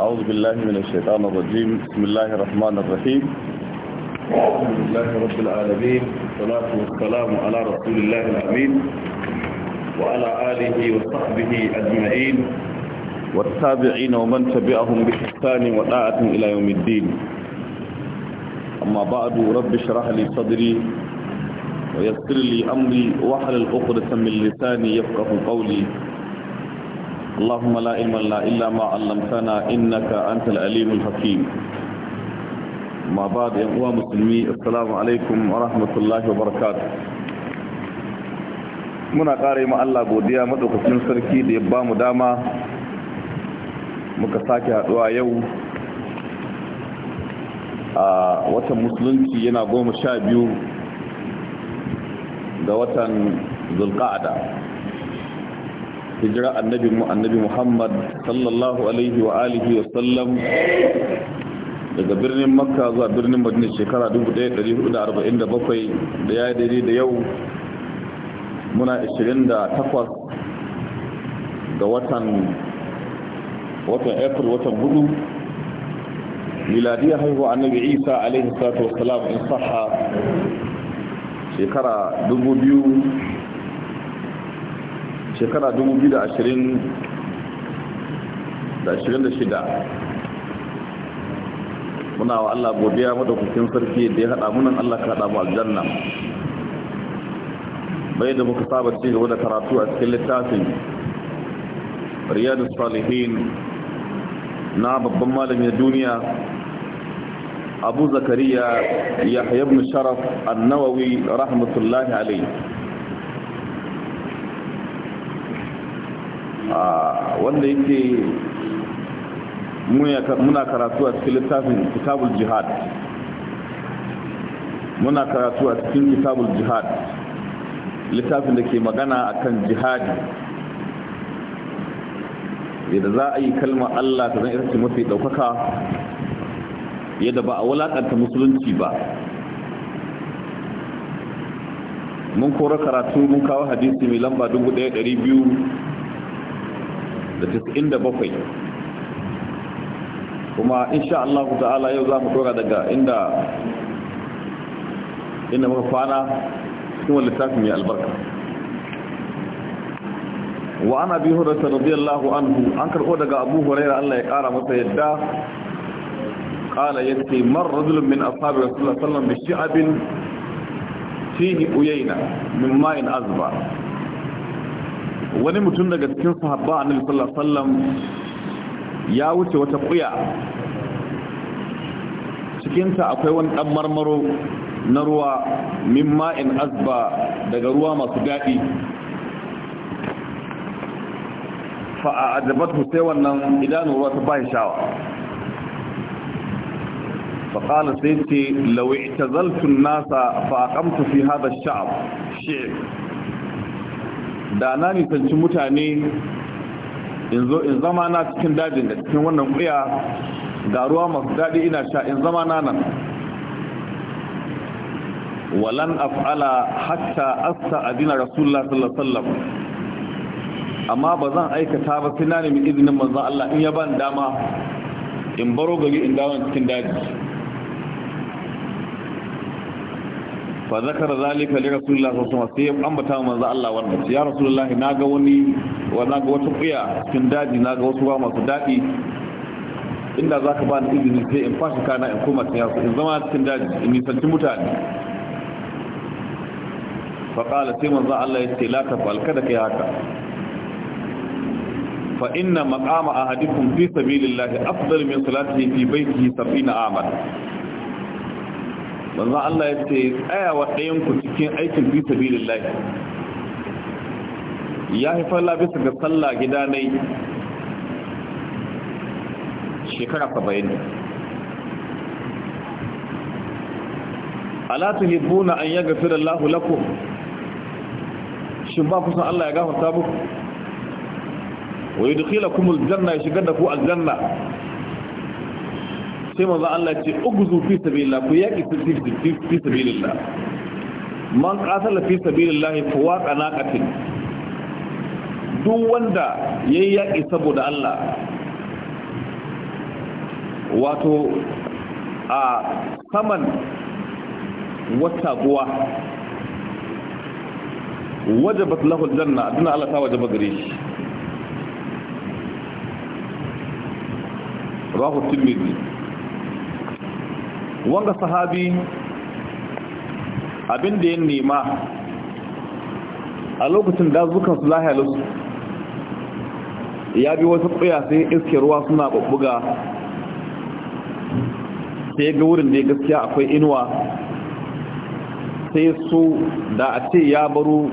أعوذ بالله من الشيطان الرجيم بسم الله الرحمن الرحيم الحمد لله رب العالمين والصلاة والسلام على رسول الله الأمين وعلى آله وصحبه أجمعين والتابعين ومن تبعهم بإحسان وطاعة إلى يوم الدين أما بعد رب اشرح لي صدري ويسر لي أمري واحلل عقدة من لساني يفقه قولي اللهم لا علم لنا إلا ما علمتنا إنك أنت العليم الحكيم ما بعد إخوة مسلمي السلام عليكم ورحمة الله وبركاته muna ƙare ma Allah godiya madaukakin sarki da ya ba mu dama muka sake haɗuwa yau a watan musulunci yana goma sha biyu ga watan zulƙa'ada hijira annabi mu annabi Muhammad sallallahu alaihi wa alihi wa sallam daga birnin Makka zuwa birnin Madina shekara 1447 da ya daidai da yau muna 28 ga watan watan April watan hudu miladiyar haihuwa annabi Isa alaihi salatu wassalam in saha shekara 2000 shekara 2026 muna wa Allah godiya madaukakin sarki da ya haɗa munan Allah ka haɗa mu aljanna bai da muka saba ci gaba da karatu a cikin littafin riyadus salihin na babban malamin duniya abu zakariya yahya ibn sharaf annawawi rahmatullahi alaihi wanda yake muna karatu a cikin littafin kitabul jihad muna karatu a cikin kitabul jihad littafin da ke magana akan jihadi yadda za a yi kalmar Allah ta zan ita ce mafi ɗaukaka yadda ba a wulaƙanta musulunci ba mun kora karatu mun kawo hadisi mai lamba dubu ɗaya ɗari biyu. da 97 kuma insha Allah ta'ala yau za mu tura daga inda inda muka kwana cikin wani mai albarka wa ana bi hurata radiyallahu anhu an karɓo daga abu huraira Allah ya ƙara masa yadda قال ya ce mar من min رسول الله صلى الله عليه وسلم بشعب فيه أيينة من ماء أزبر wani mutum daga cikin sahabba a sallallahu alaihi ya wuce wata kuya cikinta akwai wani ɗan marmaro na ruwa min ma'in azba daga ruwa masu daɗi fa a ajabatu sai wannan idanu ruwa ta bai shawa fa sai ce law zaltun nasa fa aqamtu fi hadha ash-sha'b da na nisanci mutane in zo in zama na cikin dajin da cikin wannan kuya ga ruwa masu daɗi ina sha in zama na nan walan af'ala hatta asta adina rasulullah sallallahu alaihi amma ba zan aikata ba sai na nemi izinin manzon Allah in ya ban dama in baro gari in dawo cikin daji fa zakara zalika li rasulillah sallallahu alaihi wasallam sai ambata manzo Allah wannan ya rasulullah naga wani wa naga wata kuya cikin daji naga wasu ba masu dadi inda zaka ba ni izini sai in fashi kana in koma cikin yasu in zama cikin daji in nisanci mutane fa qala sai manzo Allah ya ce la tafal kada kai haka fa inna maqama ahadikum fi sabilillah afdal min salatihi fi baytihi 70 amal manzon Allah ya ce tsayawa ɗayan ku cikin aikin fi sabilillah ya haifar labisa ga sallah gida nai shekara 70 ala tuhibbuna an yaghfira Allah lakum shin ba ku san Allah ya gafarta muku wa kuma aljanna ya shigar da ku aljanna sai manzo Allah ce ugzu fi sabilillah ku yaki fi sabilillah man qatala fi sabilillah fa waqa naqatin duk wanda yayi yaki saboda Allah wato a saman wata guwa wajabat lahu aljanna duna Allah ta wajaba gare shi rawahu tirmidhi wanga sahabi abin da ya nema a lokacin dazukan su lahalusu ya bi wasu tsaya sai iske ruwa suna babbuga sai ga wurin da ya gaskiya akwai inuwa sai su da a ce ya baro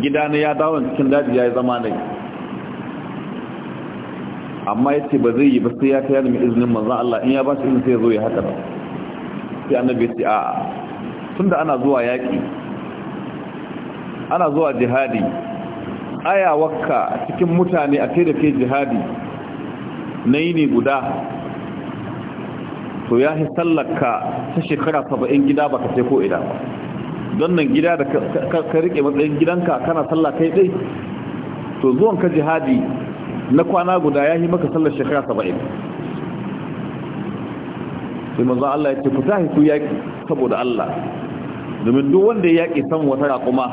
gida na ya dawon cikin daji ya yi zama nai amma yace ba zai yi ba sai ya kai da izinin manzon Allah in ya ba shi izini sai ya zo ya haka ba sai annabi ya ce a tunda ana zuwa yaki ana zuwa jihadi aya wakka cikin mutane a kai da kai jihadi nayi ne guda to ya hi sallaka ta shekara 70 gida baka sai ko ida ba don nan gida da ka rike matsayin gidanka kana sallah kai dai to zuwan ka jihadi na kwana guda ya yi maka sallar shekara saba'in sai manzo Allah ya ce ku tahi ku yaƙi saboda Allah domin duk wanda ya yaƙi san wata raƙuma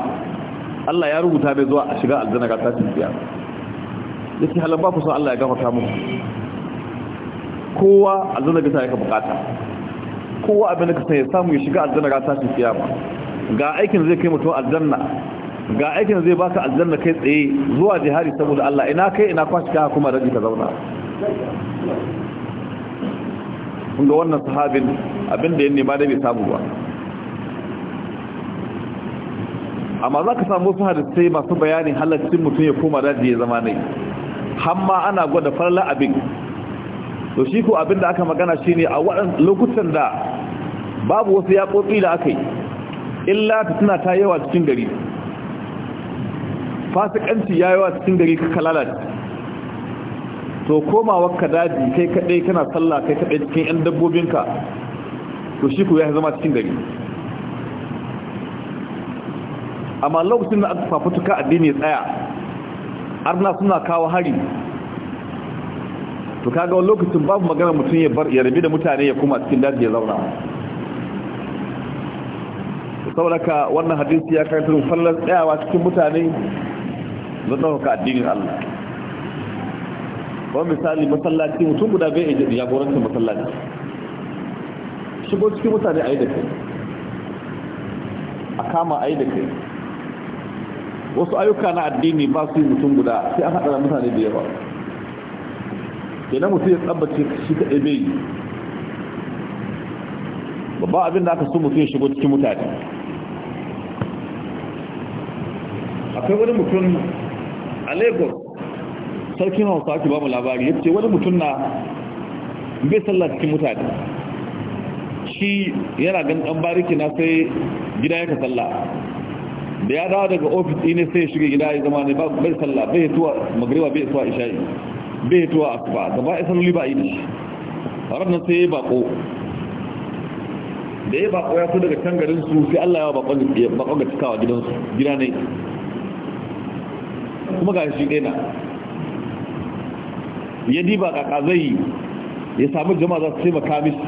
Allah ya rubuta mai zuwa a shiga aljanna ga tashin biya yake halar ba ku san Allah ya gafarta muku kowa aljanna ga ya ka bukata kowa abin da ka ya samu ya shiga aljanna ga tashin kiyama ga aikin zai kai mutum aljanna ga aikin zai baka aljanna kai tsaye zuwa jihari saboda Allah ina kai ina kwashi ka kuma daji ka zauna kun ga wannan sahabin abinda ya nema da bai samu ba amma za ka samu su hadisai masu bayanin halaccin mutum ya koma daji ya zama nai hamma ana gwada farla abin to shi ko abin da aka magana shine a waɗannan lokutan da babu wasu yaƙoƙi da aka yi illa ta tana ta yawa cikin gari fasikanci yayi wa cikin gari ka lalace to komawa ka daji kai kadai kana sallah kai kadai cikin yan dabbobinka to shi ku ya zama cikin gari amma lokacin da aka fafutuka addini tsaya arna suna kawo hari to kaga wani lokacin babu magana mutum ya bar ya rabi da mutane ya kuma cikin daji ya zauna saboda ka wannan hadisi ya karanta fallar tsayawa cikin mutane don ɗaukaka addinin Allah ba misali masallaci mutum guda bai ya jagorancin masallaci shigo cikin mutane a yi da kai a kama a yi da kai wasu ayyuka na addini ba su yi mutum guda sai an haɗa mutane da yawa kenan mutum ya tsabbace shi ta bai yi babba abin da aka so mutum ya shigo cikin mutane akwai wani mutum a lagos sarkin wasu ake ba mu labari ya ce wani mutum na bai sallah cikin mutane shi yana gan dan bariki na sai gida yaka sallah da ya dawo daga ofis ne sai shiga gida ya zama ne bai sallah bai tuwa magriba bai tuwa isha'i bai tuwa asuba gaba ya salloli ba idi ranar sai ya bako da ya bako ya so daga can garin su sai Allah ya bako ga cikawa gidansu gida ne kuma ga shi ɗaya na ya diba kaka zai ya samu jama'a za su taimaka mishi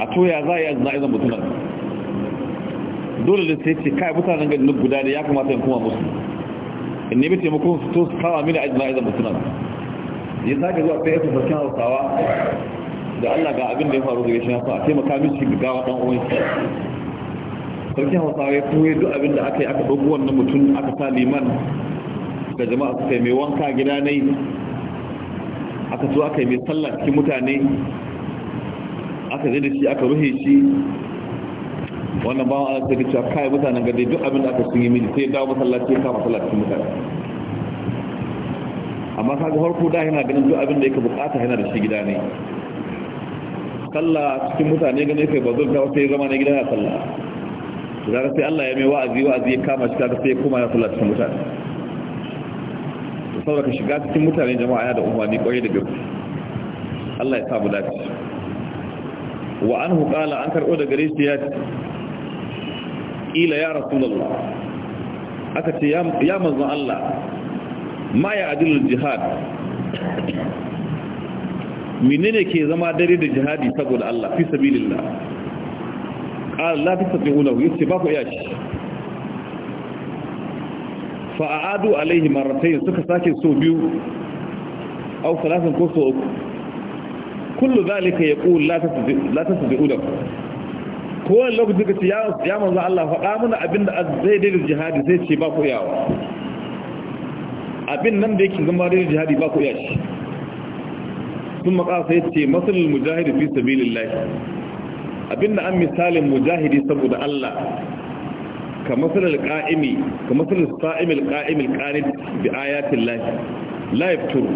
a toya za a yi azina izan mutunan dole da sai ce kai mutanen gani guda ne ya kamata yin kuma musu in nemi taimakon su to su kama mini azina izan mutunan ya sake zuwa sai a fi sarkin hausawa da allah ga abin da ya faru da ya shi a taimaka mishi ga gawa ɗan shi. sarki hausawa ya koyi duk abin da aka yi aka bugu wannan mutum aka sa liman da jama'a suka yi mai wanka gida ne aka zo aka yi mai sallah cikin mutane aka zai da shi aka ruhe shi wannan bawan ala sai cewa kai mutanen gade duk abin da aka sun yi miji sai ya dawo masallaci ya kama sallah cikin mutane amma kaga farko da yana ganin duk abin da yake bukata yana da shi gida ne sallah cikin mutane gane kai ba zai dawo sai ya zama na gida na sallah to sai Allah ya mai wa'azi wa'azi ya kama shi kaga sai kuma ya kula cikin mutane saboda ka shiga cikin mutane jama'a ya da umarni kwarai da gaske Allah ya sa mu dace wa anhu qala an karbo da gare shi ya ce ila ya rasulullah aka ce ya manzon Allah ma ya adilul jihad menene ke zama dare da jihadi saboda Allah fi sabilillah قال لا تستطيعونه يسي باكو ياشي فأعادوا عليه مرتين سكا ساكن سو بيو أو ثلاثا كوسو كل ذلك يقول لا لا Ko kowane lokaci ka ce ya manzo Allah faɗa mana abinda da zai dai jihadi zai ce ba ku iyawa abin nan da yake zama daidai jihadi ba ku iya shi sun maƙasa ya ce masalin mujahidi fi sabilillahi abinda an misalin mujahidi saboda Allah ka masalar ƙa'imi ka masalar sa'imil ƙa'imil ƙanit da ayatin lahi live tour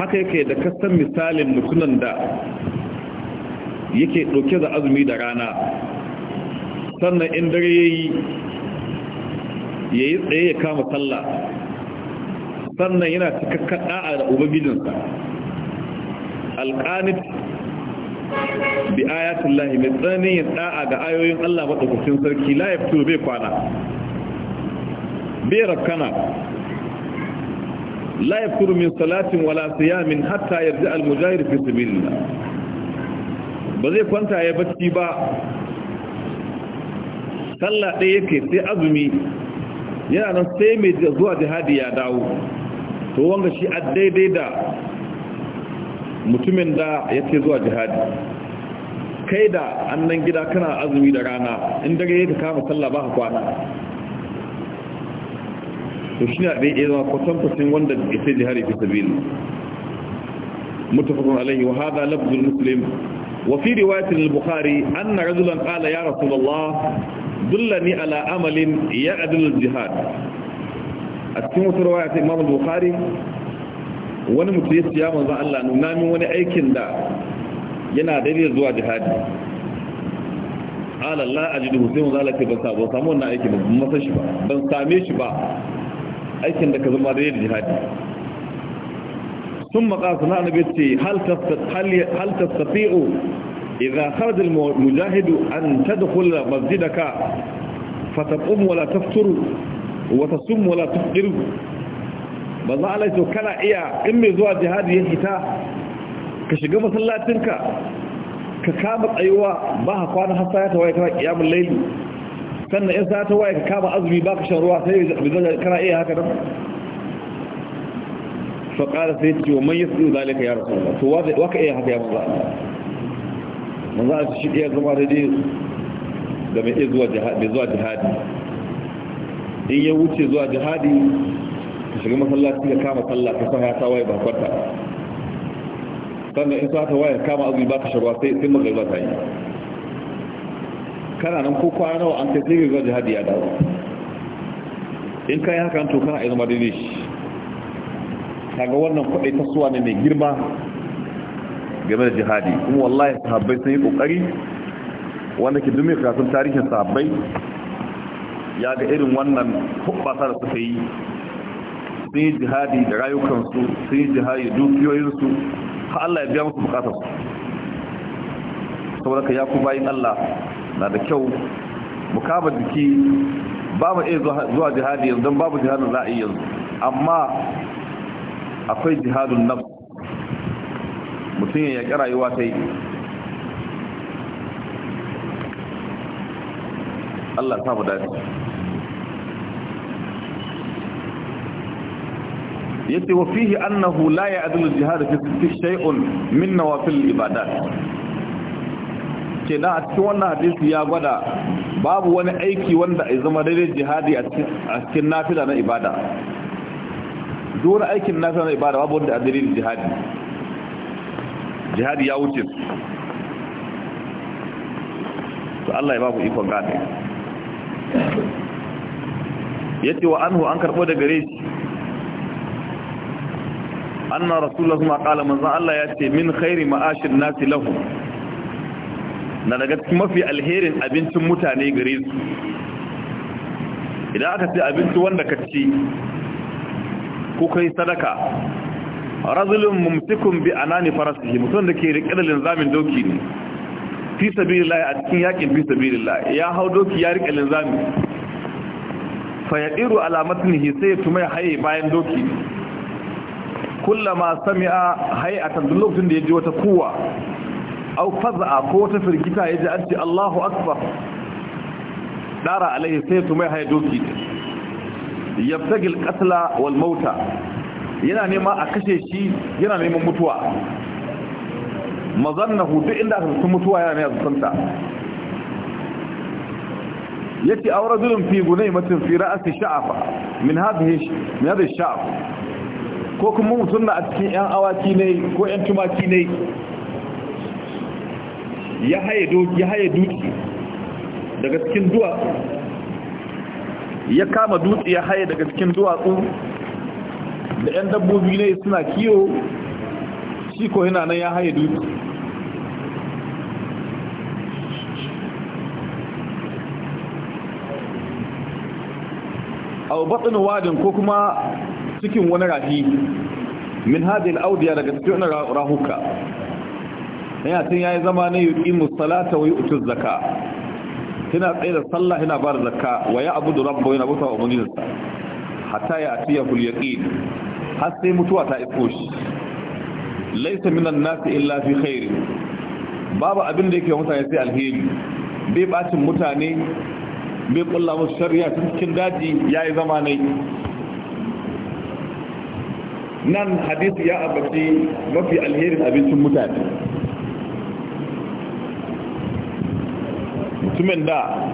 haka yake da kasan misalin mutunan da yake ɗauke da azumi da rana sannan in dare ya yi ya yi tsaye ya kama sallah sannan yana cikakkan ɗa'a da ubangijinsa alƙanit. bi ayatin lahi mai tsananin yin da'a ga ayoyin Allah maɗaukacin sarki la ya bai kwana bai rakkana la ya min salatin wala siyamin hatta yarda al fi sabilillah ba zai kwanta ya bacci ba sallah ɗaya yake sai azumi yana nan sai mai zuwa jihadi ya dawo to wanga shi a daidai da mutumin da ya ce zuwa jihadi kai da annan gida kana azumi da rana in dare ya kama sallah ba ka kwana to shi ne ɗaya zama kwatankwacin wanda ya ce jihari fi sabili متفق عليه وهذا لفظ المسلم وفي رواية البخاري أن رجلا قال يا رسول الله دلني A cikin يعدل الجهاد التمة رواية إمام البخاري wani mutu ya siya manzan Allah nuna min wani aikin da yana daidai zuwa jihadi ala Allah ajidu Hussein manzan Allah ce ban samu samu wannan aikin ban masa shi ba ban same shi ba aikin da ka zama daidai jihadi sun maƙasa na annabi ce hal tastafi'u idza kharaja al-mujahidu an da tadkhula masjidaka fataqumu wa la tafturu wa sun wala la tufṭiru manzo Allah ya ce kana iya in mai zuwa jihadi ya fita ka shiga masallacinka ka kama tsayuwa ba ka kwana har sai ta waye kana kiyamul sannan in sai tawaye ka kama azumi ba ka shan ruwa sai kana iya haka nan fa ƙara sai ce wa man zale ka ya rasulullah to wa ka iya haka ya maza Allah manzo Allah shi ya zama da dai da mai zuwa jihadi in ya wuce zuwa jihadi shiga masallaci ya kama sallah ta sanya ta waye ba kwanta sannan in sa ta waye kama azumi ba ta sharwa sai sai magariba ta yi kana nan ko kwana nawa an sai sai ga jihadi ya dawo in ka yi haka to kana aizuma daidai shi kaga wannan kwaɗai ta suwa ne mai girma game da jihadi kuma wallahi sahabbai sun yi ƙoƙari wanda ke dumin karatun tarihin sahabbai ya ga irin wannan hubbasa da suka yi sun yi jihadi da rayukansu sun yi jihadi dukiyoyinsu ha Allah ya biya musu bukatarsu saboda ka ya ku bayin Allah na da kyau mu jiki ba mu iya zuwa jihadi yanzu don babu jihadin za a yi yanzu amma akwai jihadin nan mutum ya yaƙi rayuwa ta yi Allah ta mu dace yace wa fihi annahu la ya'dulu al-jihad fi shay'un min nawafil ibadat ke a cikin wannan hadisi ya gwada babu wani aiki wanda ya zama daidai jihadi a cikin nafila na ibada dole aikin nafila na ibada babu wanda a daidai jihadi jihadi ya wuce to Allah ya babu ikon gane yace wa anhu an karɓo daga gare anna rasulullahi ma qala manzan Allah ya ce min khairi ma'ashin nasi lahum na daga cikin mafi alherin abincin mutane gare su idan aka ce abinci wanda ka ci ko kai sadaka razulun mumtikum bi anani farasihi mutum da ke riƙe da linzamin doki ne fi sabilillah a cikin yakin fi sabilillah ya hau doki ya rike linzami fa ya ɗiru alamatin sai ya tuma ya haye bayan doki ne kullama sami'a hay'atan duk lokacin da ya ji wata kuwa au faz'a ko wata firgita ya ji an ce Allahu akbar dara alaihi sai tumai haya doki yabtagi alqatla wal mauta yana nema a kashe shi yana neman mutuwa mazannahu duk inda aka san mutuwa yana ne zanta yace aw rajulun fi gunaymatin fi ra'si sha'afa min hadhihi min hadhihi sha'af ko kuma mutum na a cikin 'yan awaki ne ko 'yan tumaki ne ya haye dutsi daga cikin duwatsu ya kama dutse ya haye daga cikin duwatsu da 'yan dabbobi ne suna kiyo shi ko yana nan ya haye dutse A batsin wadin ko kuma cikin wani rafi min hadhihi al-awdiya daga cikin rahuka yana ya yi zama ne yuqimu salata wa yu'tu Zaka. kina tsaye da sallah yana ba da zakka wa ya da Rabba yana bauta wa ubangijinsa hatta ya atiya kul yaqin har sai mutuwa ta iso shi laysa minan nas illa fi khair babu abin da yake mutane sai alheri bai bacin mutane bai kulla musu shari'a cikin daji yayi zama ne nan hadisi ya abaci mafi alherin abincin mutane mutumin da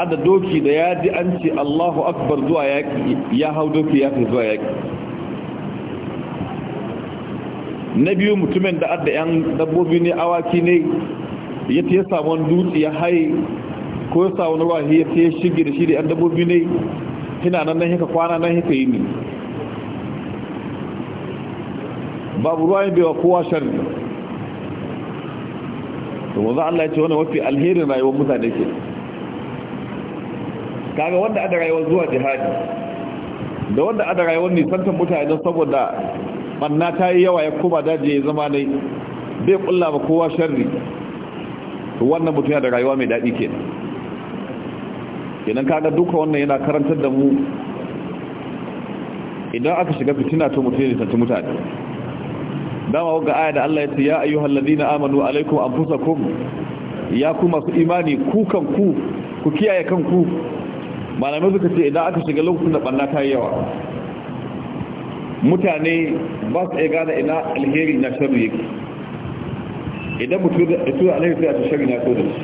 ada doki da ya ji an ce allahu akbar zuwa yaƙi ya hau doki ya fi zuwa yaƙi na biyu mutumin da adda 'yan dabbobi ne awaki ne ya ta yasa wani dutse ya haye ko yasa wani ruwa ya ta shige da shi da 'yan dabbobi ne hina nan nan kwana nan hika yi ne babu ruwa yin baiwa kowa shari, da wanzu Allah ya ce wani mafi alherin rayuwar mutane ke kaga wanda ada rayuwar zuwa jihadi da wanda ada rayuwar nisantar mutane don saboda manna ta yi yawa ya koma daji ya zama ne bai kulla ba kowa shari, to wannan mutum yana da rayuwa mai daɗi kenan kenan kaga duka wannan yana karantar da mu idan aka shiga fitina to mutum ya nisantar mutane dama waga aya da Allah ya ce ya ayyuhal ladina amanu alaikum anfusakum ya ku masu imani ku kan ku ku kiyaye kanku malamai suka ce idan aka shiga lokacin da banna ta yawa mutane ba su iya gane ina alheri na sharri yake idan mutum da tura alheri sai a ta sharri na so da shi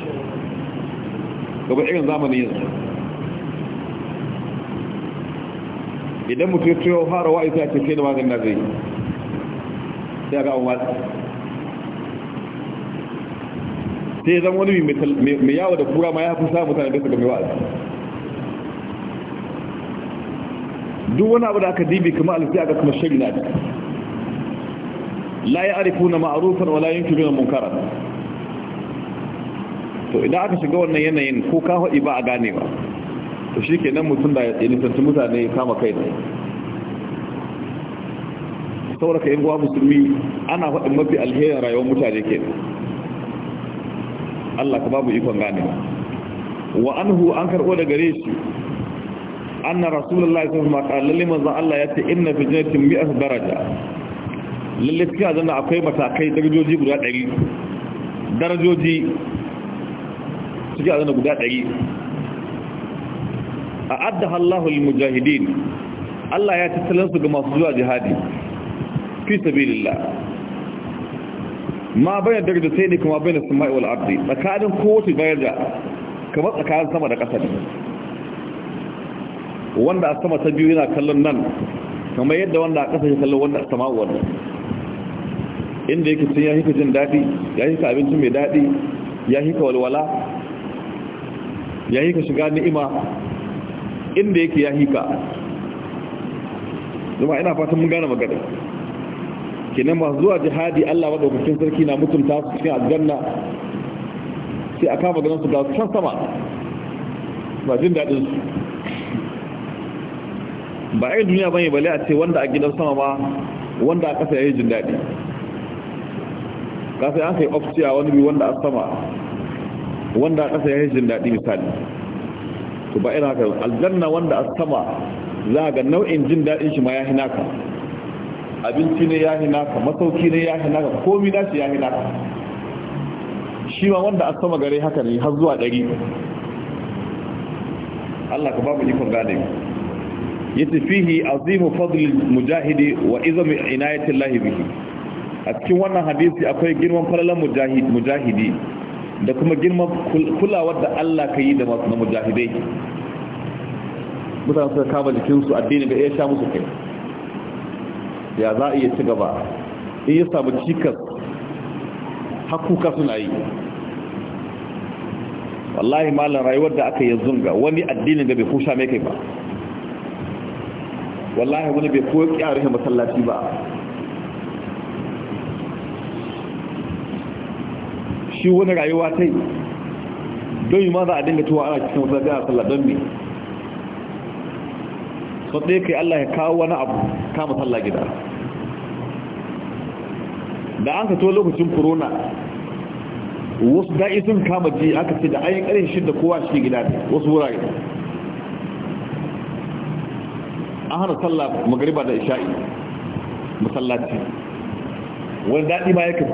gaba irin zamanin yanzu idan mutum ya tura fara wa'i sai a ce sai da maganin na zai yi sai watsa sai zan wani mai yawo da kura ma ya fi samun mutane da suka mai wa'azi duk wani abu da aka dibi kuma alfi aka kuma shari na la ya arifu na ma'arufan wala kiri na munkara to idan aka shiga wannan yanayin ko ka haɗi ba a ganewa to shi ke nan mutum da ya nisanci mutane ya kama kai ne sauraka yin guwa musulmi ana faɗin mafi alherin rayuwar mutane ke Allah ka babu ikon gane wa anhu an karɓo da gare shi anna rasulullahi sallallahu alaihi wasallam lalle manzo Allah yace inna fi jannatin su daraja lalle cikin aljanna akwai matakai darajoji guda ɗari, darajoji cikin aljanna guda ɗari. A a'addaha hallahu lil mujahidin Allah ya tattalin su ga masu zuwa jihadi fi sabilillah ma bayan daga sai ne kuma bayan sama'i wal ardi tsakanin kowace bayar da kamar tsakanin sama da ƙasa wanda a sama ta biyu yana kallon nan kamar yadda wanda a ƙasa ya kallon wanda a sama wannan inda yake sun ya hika jin daɗi ya hika abinci mai daɗi ya hika walwala ya hika shiga ni'ima inda yake ya hika zama ina fatan mun gane magana kenan masu zuwa jihadi Allah madaukakin sarki na mutunta su cikin aljanna sai a kama ganin su ga can sama ba jin daɗin su ba a yi duniya bane bale a ce wanda a gidan sama ba wanda a ƙasa ya yi jin daɗi ka sai an kai ofciya wani bi wanda a sama wanda a ƙasa ya yi jin daɗi misali to ba irin haka aljanna wanda a sama za ga nau'in jin daɗin shi ma ya hinaka abinci ne ya hina masauki ne ya hina ka komi na shi ya hina shi ma wanda a sama gare haka ne har zuwa ɗari Allah ka ba mu ikon gane yace fihi azimu fadl mujahidi wa izami inayati Allah bihi a cikin wannan hadisi akwai girman falalan mujahid mujahidi da kuma girman kulawar da Allah ka yi da masu na mujahidai mutane suka kama jikinsu addini ga iya sha musu kai ya za a iya ci gaba in ya samu cikas hakuka suna yi wallahi malar rayuwar da aka yanzu ga wani addinin da bai kusha mai kai ba wallahi wani bai koyo kyarihin masallaci ba shi wani rayuwa ta yi don yi ma za a dinga tuwa ana cikin masallaci a sallar don mai so ɗaya kai Allah ya kawo wani abu kama talla gida da an ka to lokacin corona wasu da'i sun kama ji aka ce da an yi ƙarin shidda kowa shi gida wasu wurare an hana talla magariba da isha'i masallaci wani daɗi ma ya kai?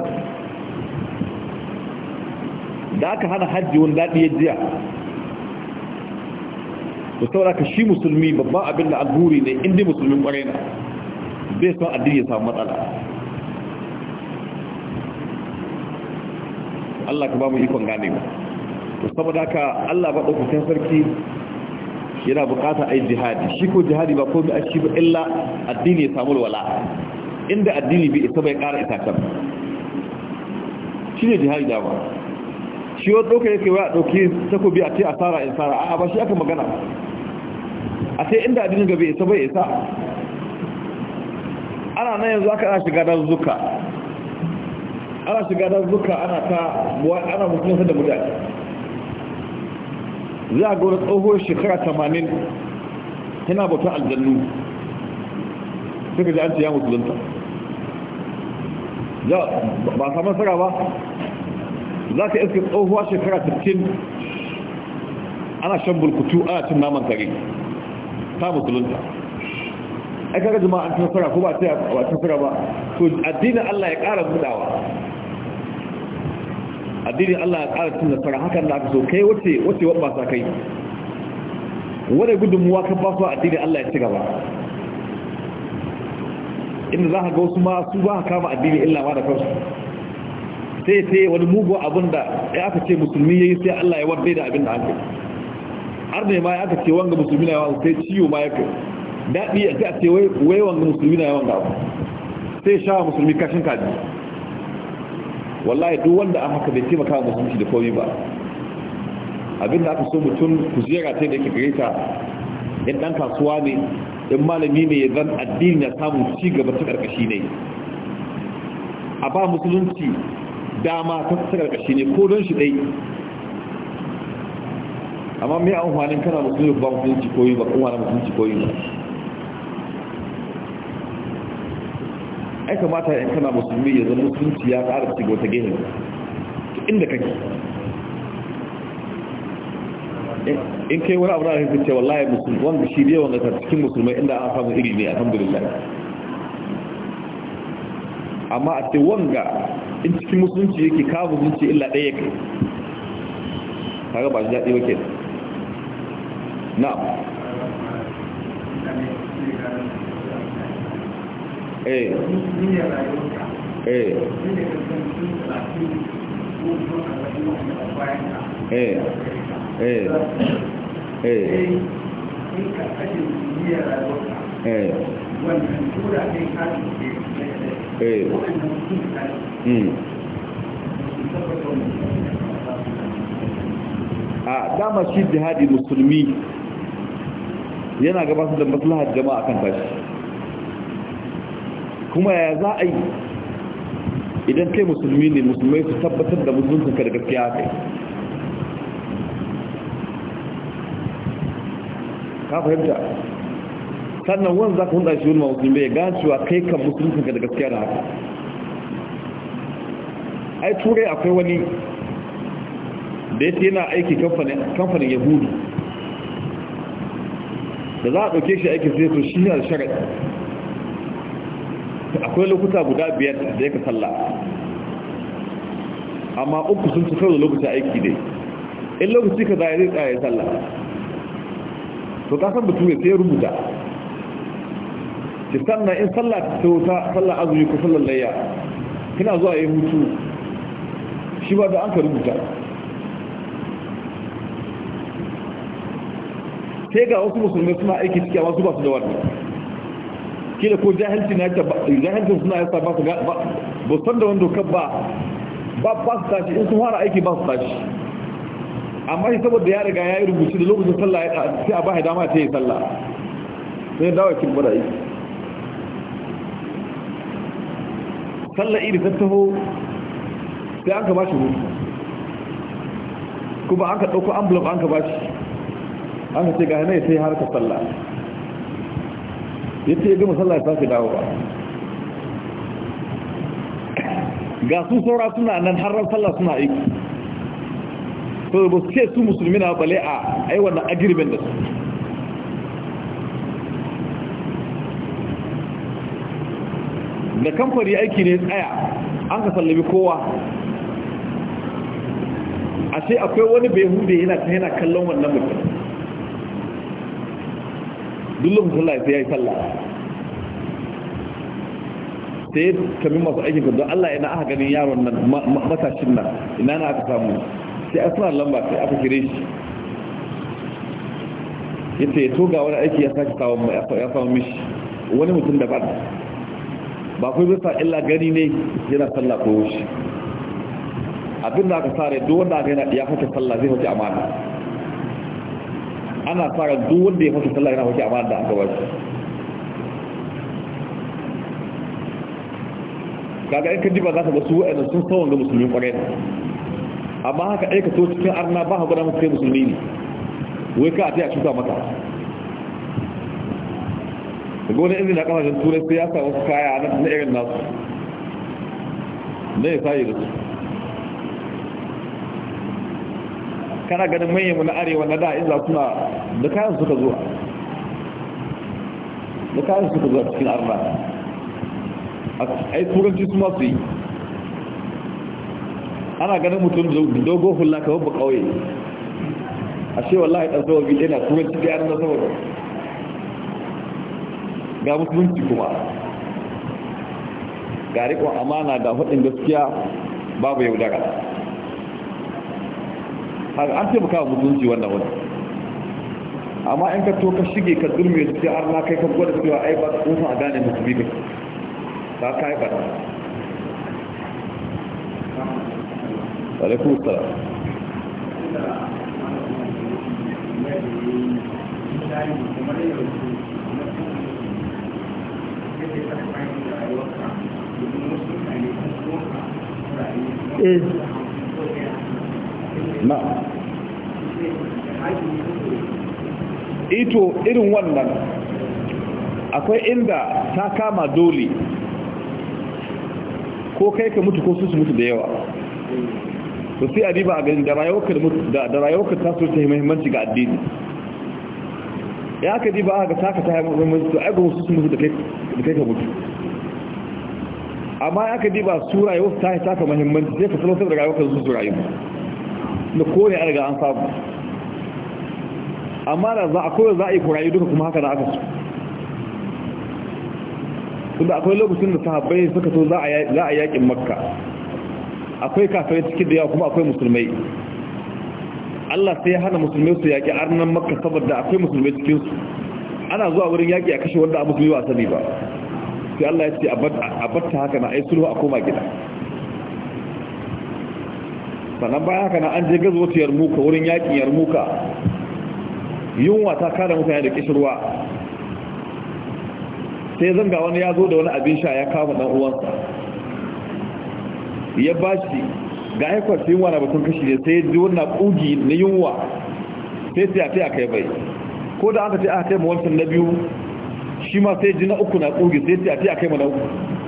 da aka hana hajji wani daɗi ya jiya da saura ka shi musulmi babban abin da alburi ne inda musulmin kwarai na zai son addini ya samu matsala Allah ka ba mu ikon gane ba to saboda haka Allah ba ɗaukakin sarki yana buƙatar a yi jihadi shi ko jihadi ba komai a shi ba illa addini ya samu wala inda addini bi ita bai ƙara ita kan shi ne jihadi dama shi wani ɗauka yake wa ɗauki takobi a ce a tsara in tsara a ba shi aka magana a sai inda addinin gaba isa bai isa ana nan yanzu aka ana shiga dazuzzuka ana shiga zuka ana ta ana mutum da mutane za a gora tsohuwar shekara 80 yana bauta aljannu suka ji an ce ya musulunta ba samun sara ba za ka iske tsohuwa shekara 60 ana shan bulkutu ana cin naman kare ta musulunta ai kaga jama'a an tafara ko ba ta ba tafara ba to addinin Allah ya ƙara budawa addinin Allah ya ƙara cin nasara hakan da aka so kai wace wace wabba sa kai wani gudunmuwa ka ba su addinin Allah ya ci gaba inda za ka ga wasu ma su ba ka kama addini illa ma da kansu sai sai wani mugu abin da ya aka ce musulmi ya yi sai Allah ya wadda da abin da aka yi har ne ma aka ce wanga musulmi na yawan sai ciwo ma ya kai daɗi a a ce wai wanga musulmi na yawan gaba sai sha musulmi kashin kaji wallahi duk wanda an haka bai taimaka wa musulunci da komi ba abin da aka so mutum ku ziyara ta da yake gare ta in ɗan kasuwa ne in malami ne ya zan addini ya samun ci gaba ta ƙarƙashi ne a ba musulunci dama ta ƙarƙashi ne ko don shi ɗai amma mai amfanin kana musulmi ba musulunci koyi ba kuma na musulunci koyi ba ai kamata in kana musulmi ya zama musulunci ya ƙara ci wata gehen to inda kake in kai wani abu na rikin cewa laye musulmi wanda shi biya wanda ta cikin musulmai inda an samu iri ne alhamdulillah amma a ce wanga in cikin musulunci yake kawo musulunci illa ɗaya kai kaga ba shi daɗi ba kenan na'am eh eh eh eh eh eh, eh. Hmm. Ah, dama shi jihadi musulmi yana gabatar da maslahar jama'a kan tashi kuma ya za a yi idan kai musulmi ne musulmai su tabbatar da musulunci ka da gaskiya kai ka fahimta sannan wani za ka hunɗa shi wani musulmi ya gane cewa kai kan musulunci ka da gaskiya da haka ai turai akwai wani da ya yana aiki kamfanin yahudu da za a ɗauke shi aiki sai to shi ne da akwai lokuta guda biyar da ya ka sallah amma uku sun ci da lokuta aiki dai in lokaci ka zai zai tsaye sallah to ta san bature sai rubuta ki sanna in sallah ta sauta sallah azumi ko sallan layya kina zuwa yi hutu shi ba da an ka rubuta sai ga wasu musulmai suna aiki cikin amma su ba su da wannan kila ko jahilci na yadda jahilcin suna yasa ba su ba san da wanda dokar ba ba ba su tashi in sun fara aiki ba su tashi amma shi saboda ya riga ya yi rubuci da lokacin sallah sai a ba shi dama ta yi sallah sai dawo kin bada yi sallah iri ta taho sai an ka ba shi kuma an ka ɗauko envelope an ka ba shi an ce ga ne sai har ka sallah yace ya gama sallah ya sake dawo ba ga su saura suna nan har ran suna aiki to ba su ce su musulmi na bale a ai wannan agirbin da su da kamfani aiki ne tsaya an ka sallabi kowa ashe akwai wani bai hudu yana kallon wannan mutum duk lokacin sallah sai ya yi sallah sai ya kami masu aikin ka don Allah na aka ganin yaron nan matashin nan ina na aka samu sai a suna lamba sai aka kire shi ya ce ya toga wani aiki ya sake ya samu mishi wani mutum da ba kai bisa illa gani ne yana sallah ko wuce abin da aka sare duk wanda aka yana ya fata sallah zai fata amana ana fara duk wanda ya fasa sallah yana wuce amana da aka bashi kaga in ka ji ba za ka ga su wa'annan sun tsawon ga musulmi kwarai amma haka aika to cikin arna ba haƙura mutu kai musulmi ne wai ka a ta yi a cuta maka daga wani izini na kama turai sai ya sa wasu kaya na irin nasu na ya sayi da su kana ganin manyan mu na arewa na da inda suna da kayan suka zuwa da kayan suka zuwa cikin arna ai turanci su masu yi ana ganin mutum dogon hula ka babba kawai a ce wallahi ɗan zuwa biyu yana turanci da yaran saboda ga musulunci kuma ga riƙon amana ga hudin gaskiya babu yaudara har an taimaka wa mutunci wannan wani amma in ka to ka shige ka zurme su sai arna kai ka gwada cewa ai ba ko a gane musulmi ka ta kai ba alaikum assalam eh na ito irin wannan akwai inda ta kama dole ko kai ka mutu ko su su mutu da yawa to sai a riba a ganin da rayuwar ta so ta muhimmanci ga addini ya ka riba a ga taka ta muhimmanci to aiga wasu su mutu da kai ka mutu amma ya ka riba su rayuwar ta taka muhimmanci sai ka salwatar da rayuwar su su rayuwa da kone a riga an samu amma da za a koyar za a yi kurayi duka kuma haka da aka su tunda akwai lokacin da sahabbai suka so za a yakin makka akwai kafirai cikin da yawa kuma akwai musulmai Allah sai ya hana musulmai su yaƙi arnan makka saboda akwai musulmai cikinsu ana zuwa wurin yaƙi a kashe wanda a musulmi ba sani ba sai Allah ya ce a batta haka na ai sulhu a koma gida sannan bayan haka na an je gazuwata yarmuka wurin yakin yarmuka yunwa ta kada mutane da kishirwa sai zanga wani ya zo da wani abin sha ya kama dan uwansa ya ba shi ga haifar su yunwa na batun kashi ne sai ji wannan kugi na yunwa sai sai a kai a kai bai ko da aka ce aka kai ma wancan na biyu shi ma sai ji na uku na kugi sai sai a kai a kai ma na uku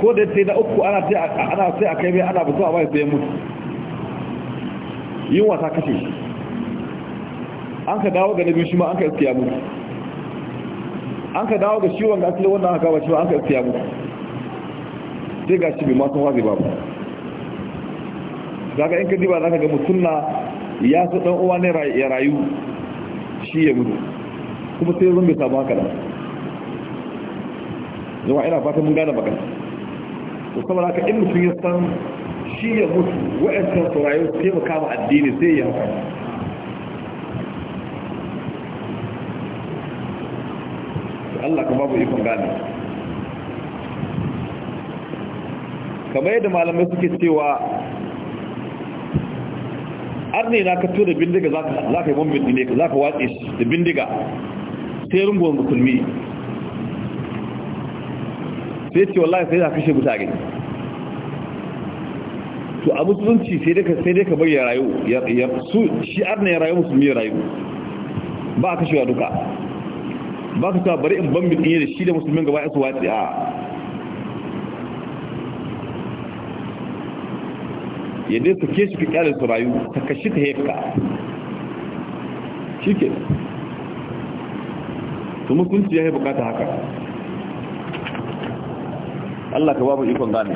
ko da sai na uku ana sai a kai ana butu a bai sai mutu yin wata kashe an ka dawo ga nabin shi ma an ka iske mutu an ka dawo ga shi wanga asali wannan haka ba shi ma an ka iske mutu sai ga shi bai masu wazi babu daga in ka diba za ka ga mutum ya su ɗan uwa ne ya rayu shi ya mutu kuma sai zan bai samu haka da zama ina fatan mun gane to saboda haka in mutum ya san shi ya mutu wa'ancan su rayu sai ba kama addini sai ya haka Allah ka babu ikon gane kamar yadda malamai suke cewa arne na ka da bindiga za ka yi mun ka za ka watsi da bindiga sai rungon musulmi sai ce wallahi sai za kashe mutane to a musulunci sai dai ka sai dai ka bari ya rayu ya su shi arna ya rayu musulmi ya rayu ba a kashewa duka ba ka ta bari in ban bikin da shi da musulmin gaba su wace a yadda su ke shi ka kyalin su rayu ta kashi ta heka. shi ke su musulunci ya yi bukata haka Allah ka babu ikon gane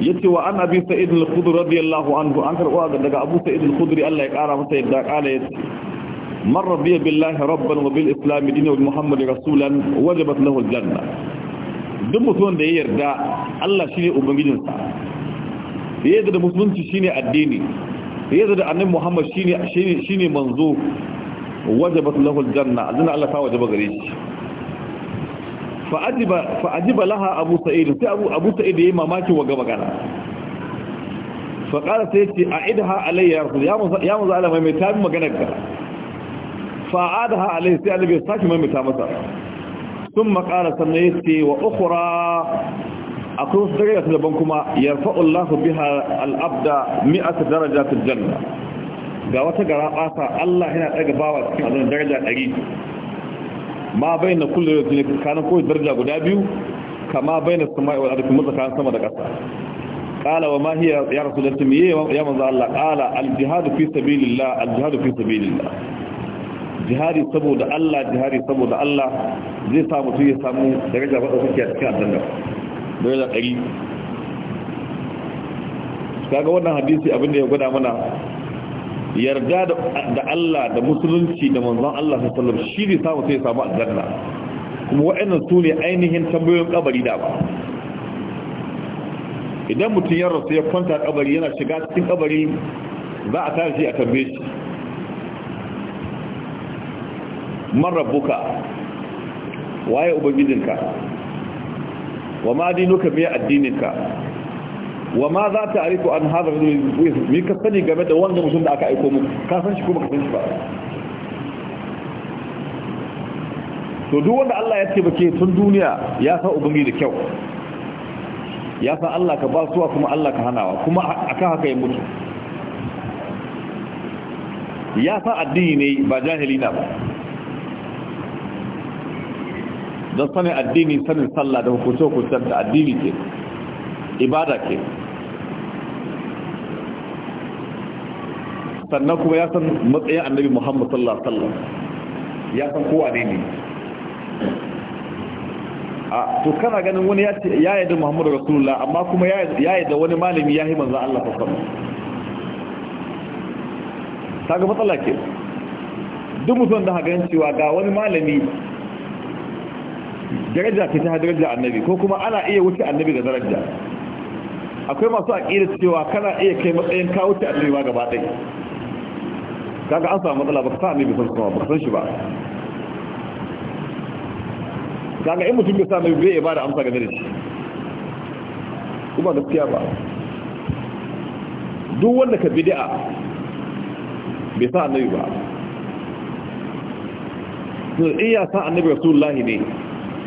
yace wa an abi sa'id al-khudri radiyallahu anhu an karwa daga abu sa'id al-khudri Allah ya kara masa yadda kala yace man rabbiya billahi rabban wa bil islam dinan wa muhammadin rasulan wajabat lahu al-janna duk mutum da ya yarda Allah shine ubangijin sa ya yarda da musulunci shine addini ya yarda da annabi Muhammad shine shine shine manzo wajabat lahu janna, aljanna Allah ta wajaba gare shi fa ajiba fa ajiba laha abu sa'id sai abu abu sa'id yayi mamaki wa gaba gana. fa qala sai ce a'idha alayya ya rasul ya musa ya musa Allah mai tabi maganar ka fa adaha alayhi sai Allah ya saki mai mata masa thumma qala sannan yace wa ukhra akwai wasu daga daban kuma yarfa'u Allah biha al-abda mi'at darajatil janna ga wata gara ɓasa Allah yana ɗaga bawa cikin azumin daraja ɗari ma bai na kullum da ne kanan kowai daraja guda biyu kama bai na sama iwa arzikin matsakanin sama da ƙasa ƙala wa ma hiya ya rasu da tumi ya manzo Allah ƙala aljihadu fi sabilillah aljihadu fi sabilillah jihadi saboda Allah jihadi saboda Allah zai sa mutum ya samu daraja wadda suke a cikin aljanna daraja ɗari kaga wannan hadisi abin da ya gwada mana yarda da Allah da musulunci da manzon Allah sallallahu alaihi shi ne samu sai samu aljanna kuma wa'annan su ne ainihin tambayoyin kabari da ba idan mutum ya rasu ya kwanta kabari yana shiga cikin kabari za a tashi a tambaye shi man rabbuka waye ubangijinka wa ma dinuka biya addininka wa ma za ta arifu an haɗa rajulun mi ka sani game da wanda mutum da aka aiko mu ka san shi kuma ka san shi ba to duk wanda Allah ya ce bake tun duniya ya san ubangi da kyau ya san Allah ka ba suwa kuma Allah ka hanawa kuma akan haka ya mutu ya san addini ne ba jahili na ba don sanin addini sanin sallah da hukunce-hukuncen da addini ke ibada ke sannan kuma ya san matsayin annabi muhammad sallallahu alaihi wasallam ya san kowa ne ne a to kana ganin wani ya ce ya yi da muhammad rasulullah amma kuma ya yi da wani malami ya yi manzo allah sallallahu alaihi wasallam kaga matsala ke duk mutum da hagan cewa ga wani malami daraja ce ta daraja annabi ko kuma ana iya wuce annabi da daraja akwai masu aƙida cewa kana iya kai matsayin kawo ta annabi ma gaba ɗaya kaga an samu matsala ba ka sa annabi sallallahu alaihi ba san shi ba kaga in mutum bai sa mai bai da amsa ga dare kuma gaskiya ba duk wanda ka bid'a bai sa annabi ba to iya sa annabi rasulullahi ne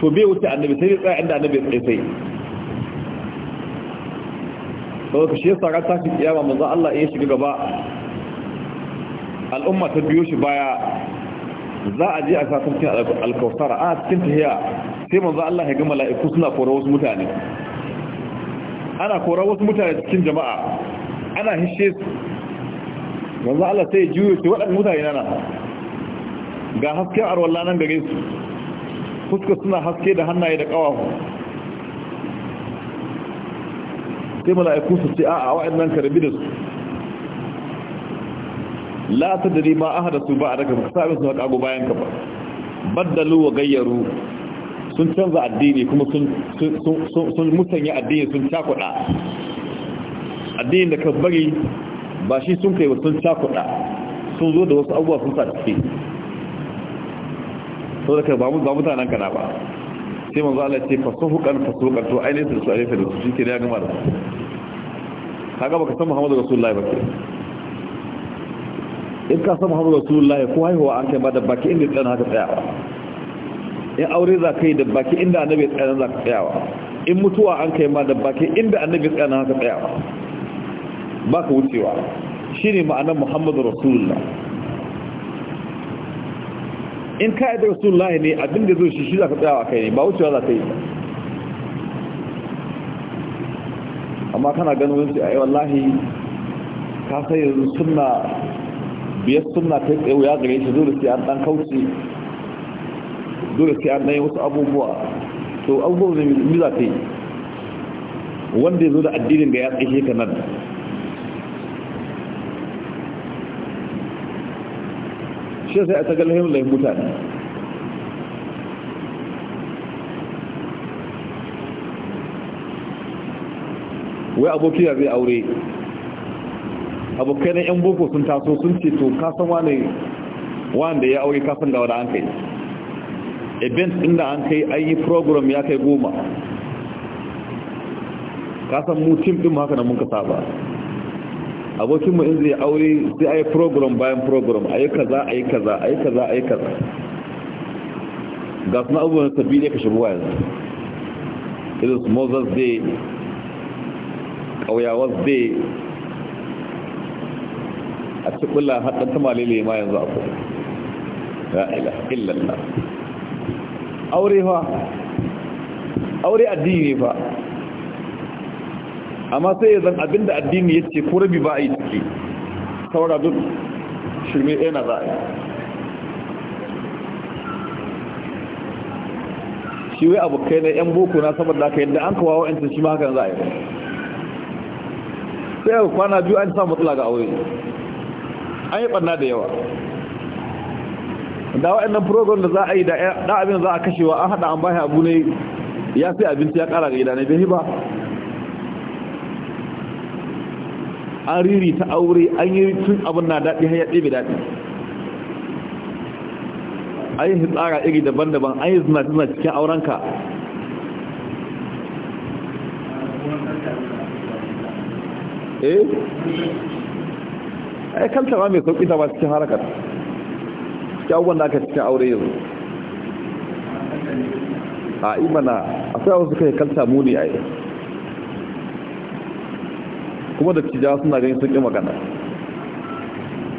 to bai wuce annabi sai tsaya inda annabi ya tsaye sai saboda shi yasa ran tashi kiyama manzo Allah ya shiga gaba al'umma ta biyo shi baya za a je a sa sarkin alkautara a cikin tahiya sai manzo Allah ya ga mala'iku suna kora wasu mutane ana kora wasu mutane cikin jama'a ana hishe su manzo Allah sai ya juyo shi waɗannan mutane nana ga hasken arwalla nan gare su fuskar suna haske da hannaye da ƙawahu sai mala'iku su ce a'a waɗannan karbi da su la ta dare ma aha da su ba a daga sabis na kago bayan ka ba baddalu wa gayyaru sun canza addini kuma sun musanya addini sun cakuɗa addini da ka bari ba shi sun kai ba sun cakuɗa sun zo da wasu abubuwa sun sa ciki sau da ka ba mutanen kana ba sai manzo Allah ce fasuhukan fasuhukan to ainihin su su ainihin su shi ke ya gama da su gaba ka san Muhammadu Rasulullahi ba ke in ka san muhammadu rasulullah ko haihuwa an kai ma da baki inda tsana haka tsayawa in aure za ka yi da baki inda annabi tsana za ka tsayawa in mutuwa an kai ma da baki inda annabi tsana haka tsayawa ba ka wucewa shi ne ma'anar muhammadu rasulullah in ka yi da rasulullah ne abin da zo shi shi za ka tsayawa kai ne ba wucewa za ka yi amma kana ganin wani ce a yi wallahi ka sai yanzu suna biyar suna ta tsaye ya gare shi dole sai an dan kauce dole sai an dan yi wasu abubuwa to abubuwan da mi za ta yi wanda ya zo da addinin da ya tsaye ka nan shi sai a tagar lahimlayin mutane wai abokiya zai aure abokai na yan boko sun taso sun ce to kasan wane wanda ya aure kafin da wani an kai event din da an kai an yi program ya kai goma kasan mu tim din haka na mun ka saba mu in zai aure sai a yi program bayan program a yi kaza a yi kaza a yi kaza a yi kaza ga suna abubuwan sabbi ne ka shi buwa yanzu irin su mozas day ƙauyawas day a cibulla haɗin ta malile ma yanzu a kudu ra'ila illallah aure fa aure addini fa amma sai ya zan abinda addini ya ce ko rabi ba a yi ciki saura duk shirme ɗaya na za a shi wai abokai na 'yan boko na saboda ka yadda an kawo wa'ancin shi ma hakan za'a a yi sai kwana biyu an sa matsala ga aure an yi ɓanna da yawa da waɗannan program da za a yi da abin za a kashewa an haɗa an bashi abu ne ya sai abinci ya ƙara ga gida ne bai ba an riri ta aure an yi tun abin na daɗi har ya ɗebe daɗi an yi tsara iri daban-daban an yi zina-zina cikin aurenka eh ai kanta ma mai sauki da ba cikin harakar cikin abubuwan da aka cikin aure yanzu a imana sai wasu kai kanta muni a yi kuma da cija suna ganin sun ƙi magana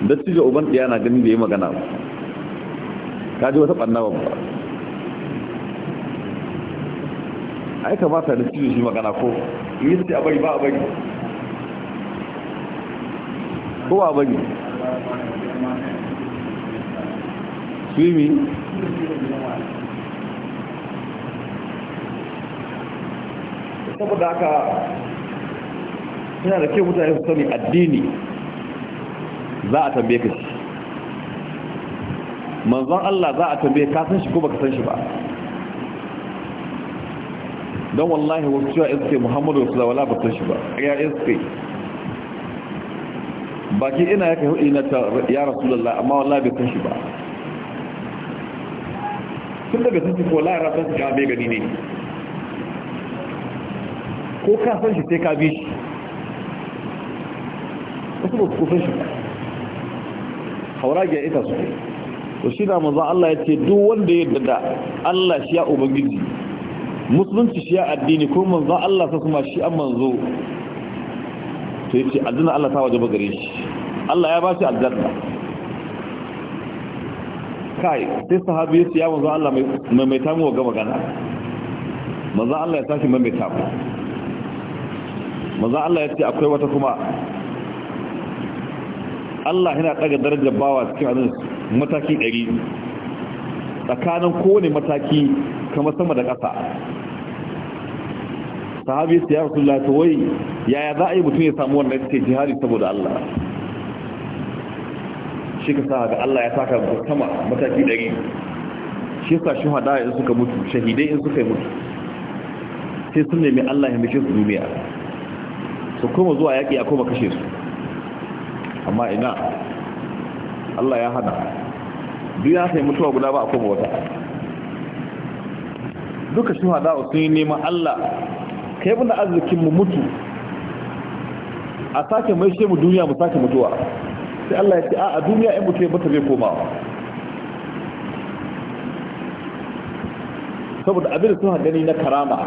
da cija uban ɗaya na ganin da ya magana ta ji wata ɓanna babba ai kamata da cija shi magana ko yi su a bari ba a bari ko ba bane shi saboda aka, yana da kyau mutane su sani addini za a tambaye ka shi manzon Allah za a tambaye ka san shi ko baka san shi ba don wallahi wasu cewa iske muhammadu wasu lawala ba san shi ba ya iske baki ina ya kai hudu na ta ya rasulullah amma wallahi bai san shi ba tun daga sun ko kola ya san shi ka bai gani ne ko ka san shi sai ka bi shi wasu ba ku san shi ba haura ga ita su to shi na maza Allah ya ce duk wanda ya dada Allah shi ya ubangiji musulunci shi ya addini ko manzo Allah sa kuma shi an manzo sai ce aljanna Allah ta waje gare shi Allah ya ba shi aljanna kai sai sahabi yace ya manzo Allah mai mai tamu ga magana manzo Allah ya saki mai mai tamu manzo Allah ya ce akwai wata kuma Allah yana daga darajar bawa cikin aljanna mataki 100 tsakanin kowane mataki kamar sama da ƙasa sahabi su ya rasu latuwai wai yaya za a yi mutum ya samu wannan ce jihari saboda Allah shi ka sa ga Allah ya saka sama mataki ɗari shi sa shi hada in suka mutu shahidai in suka mutu sai sun nemi Allah ya mace su duniya su koma zuwa yaƙi a koma kashe su amma ina Allah ya hana duniya sai mutuwa guda ba a koma wata duka shuhada sun yi neman Allah kai muna arzikin mu mutu a sake mai shi duniya mu sake mutuwa sai Allah ya ce a duniya in mutu bata bai komawa saboda abin da suna gani na karama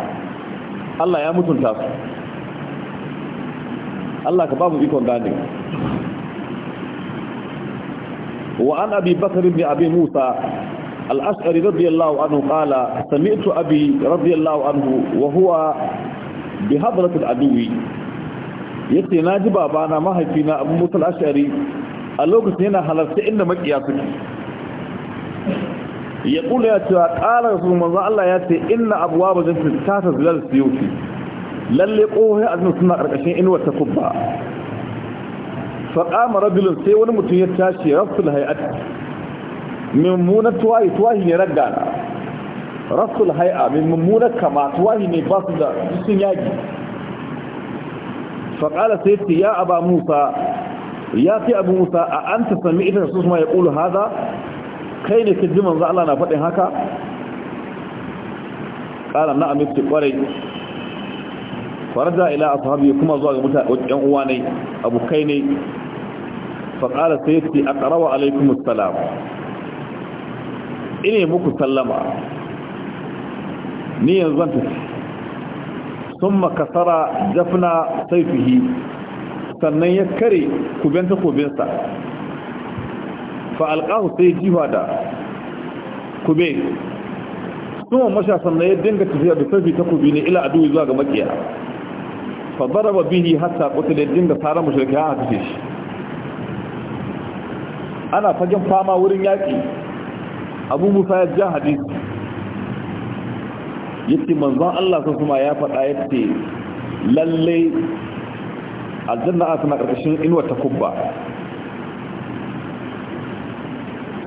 Allah ya mutunta su Allah ka ba mu ikon gane wa an abi bakar bin abi musa al-ash'ari radiyallahu anhu qala sami'tu abi radiyallahu anhu wa huwa bi hadratul aduwi yace na ji babana mahaifina abu musul ashari a lokacin yana halarta inda makiya suke ya kula ya cewa ƙalar su manzan Allah ya ce inna abuwa ba jinsu ta ta zilar siyoti lalle ƙohon azumin suna karkashin inuwar ta kubba faƙama rajulun sai wani mutum ya tashi rafsul hay'at mummunar tuwayi tuwayi ne ragara. rasul hai'a mai mummunar kama tuwahi ne ba su da sun yaki faƙala sai ce ya aba musa ya fi abu musa a an ta sami ita da su ya ƙulu haza kai ne ka ji manzo Allah na faɗin haka ƙala na amince ƙwarai faraja ila ashabi kuma zuwa ga mutane ɗan uwa ne abokai ne faƙala sai ce a ƙarawa alaikumus salam ine muku sallama ni yanzu zan tafi sun makasara dafna saifihi sannan ya kare kuben takobinsa fa'alƙahu sai jiwa da kube sun masha sannan ya dinga tafiya da saifi takobi ne ila adu zuwa ga makiya fa zaraba bihi hatta qutila dinga tsara mushriki ha kace shi ana fagen fama wurin yaki abu musa ya ja hadisi yace manzon Allah sun kuma ya faɗa yace lalle aljanna a suna ƙarƙashin inuwa ta kubba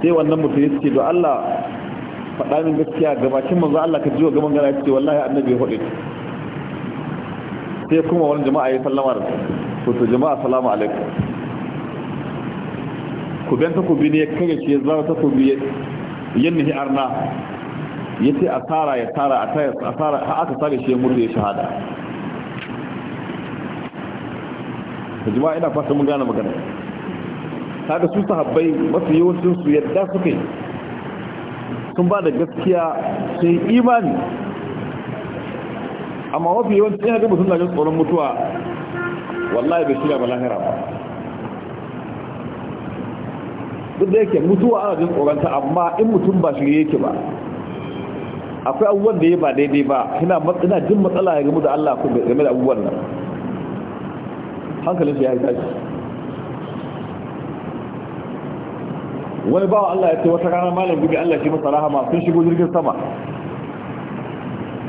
sai wannan mutum ya ce da Allah faɗa min gaskiya ga bakin Allah ka jiwa gaban gana ya ce wallahi annabi ya sai kuma wani jama'a ya sallama da to to jama'a salamu alaikum ku biyan takobi ne ya kage shi ya zama takobi ya nihi arna ya ce a tara ya tara a tara aka tare shi ya mutu ya shahada ta jima'a ina fata mun gane magana ta ga su sahabbai mafi yawancin su yadda suka yi sun ba da gaskiya sai imani amma mafi yawancin yana gaba suna jin tsoron mutuwa wallahi bai shirya ba lahira ba duk da yake mutuwa ana jin tsoronta amma in mutum ba shirye yake ba akwai abubuwan da ya ba daidai ba ina matsala jin matsala ya gamu da Allah ko game da abubuwan nan hankalin shi ya tashi wani bawa Allah ya ce wata rana malam gubi Allah shi masa rahama sun shigo jirgin sama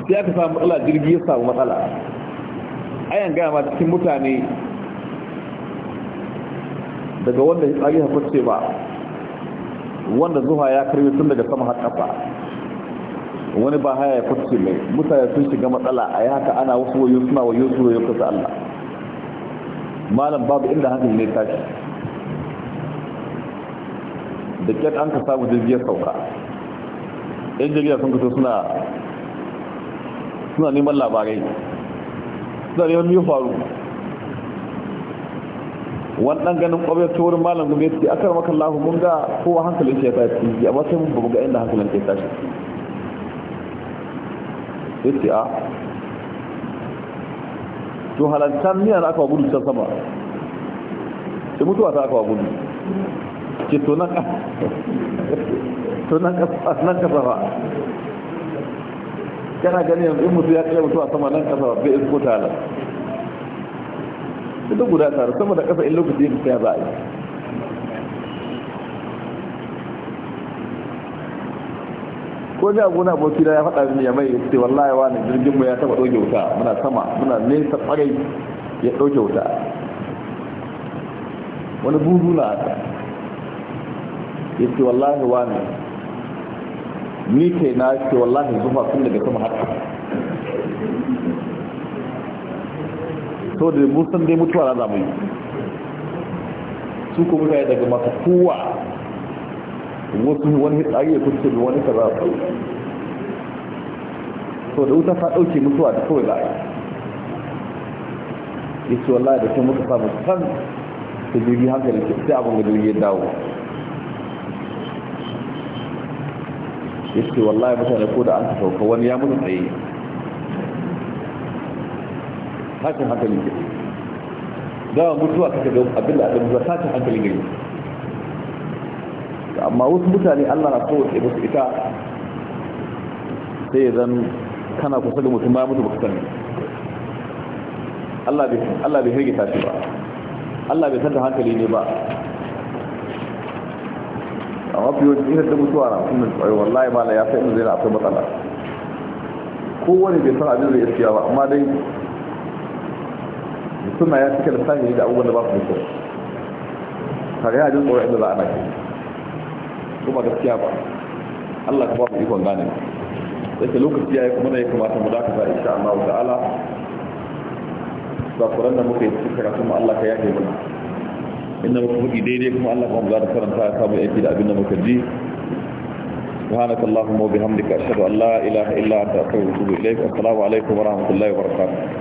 sai aka samu matsala jirgi ya samu matsala ayan gaya ma cikin mutane daga wanda ya tsari ce ba wanda zuwa ya karbe tun daga sama har kafa. wani ba haya ya fasce mai mutane sun shiga matsala a ya haka ana wasu wayo suna wayo su wayo kasa Allah malam babu inda hankali ne tashi da kyat an ka samu jirgiyar sauka yan jirgiyar sun kaso suna suna neman labarai suna neman yi faru wannan ganin ƙwabe ta wurin malam gumi ya ce a maka lahu mun ga kowa hankalin shi ya tashi a wasu babu ga inda hankalin ke tashi yace a to halantar miya na aka gudu can sama sai mutuwa ta aka gudu ke to nan kasa ba kana gani yanzu in mutu ya kira mutuwa sama nan kasa ba bai isko ta halar duk guda tare sama da kasa in lokaci ya fi za a yi ko abu gona aboki da ya faɗa min ya mai ya ce wallahi wani jirgin mu ya taba ɗauke wuta muna sama muna nesa ƙwarai ya ɗauke wuta wani buru na haka ya ce wallahi wani ni kai na ce wallahi zufa sun daga sama haka so da musan dai mutuwa na zamani su kuma ya daga masu kowa wasu wani tsari ya kusa da wani ta ba so da wuta ta ɗauke mutuwa da kawai za a yi ya ce wallahi da kan muka samu san ta jirgin hankali ke sai abin da jirgin dawo ya ce wallahi mutane ko da an ta sauka wani ya mutu tsaye tashin hankali ke dawa mutuwa ta ga abin da abin da ce hankali gari ta amma wasu mutane Allah na so wace su ita sai zan kana kusa da mutum ba mutu baka sani Allah bai Allah bai hirgita shi ba Allah bai san hankali ne ba amma fi yau ina da mutuwa na sunan tsaye wallahi ma na ya sai inda zai na akwai matsala kowane bai san abin zai iya ba amma dai suna ya cika da sani da abubuwan da ba su mutu, kare ya tsoron inda za a na kai ko ba gaskiya ba Allah ka ba mu ikon gane sai lokaci ya yi kuma ne kamata mu dakata insha Allah ta'ala ba kuran da muka yi cikin karatun mu Allah ka yake mana inda muka fudi daidai kuma Allah ba mu za ta karanta ya samu aiki da abin da muka ji سبحانك اللهم وبحمدك أشهد أن لا إله إلا wa أستغفرك وأتوب إليك السلام عليكم ورحمة الله وبركاته